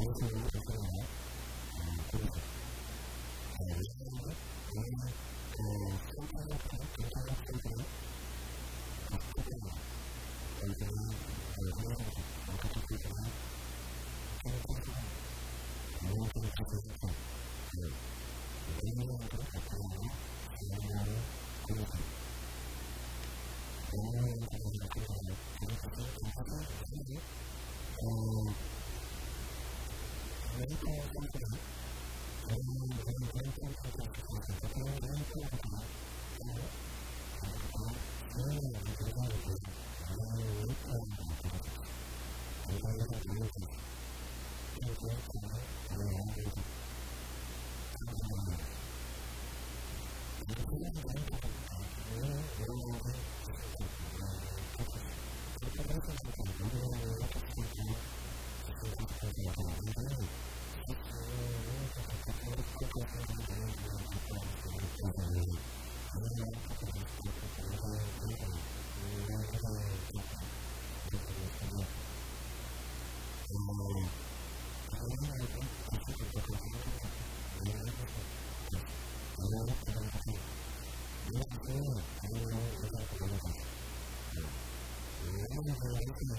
Thank you. dire la différence entre les Thank you. Yeah. Thank you.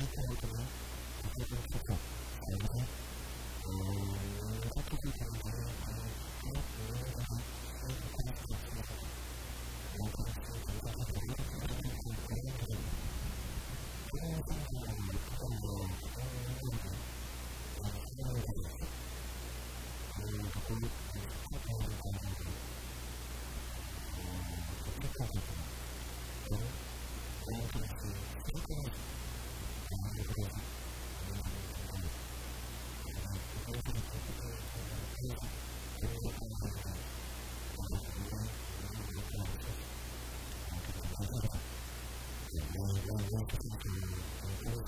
이렇게 하니까 이제 좀 좋죠. 그래서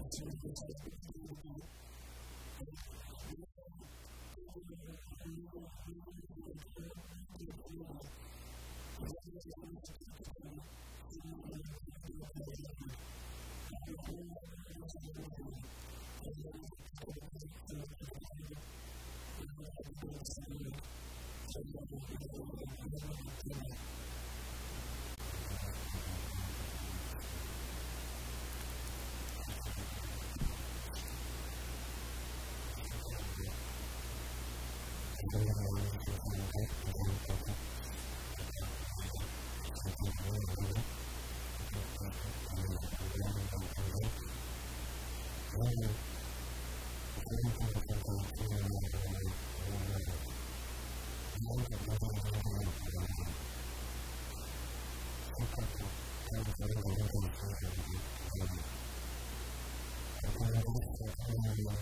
Thank you.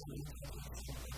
Thank you.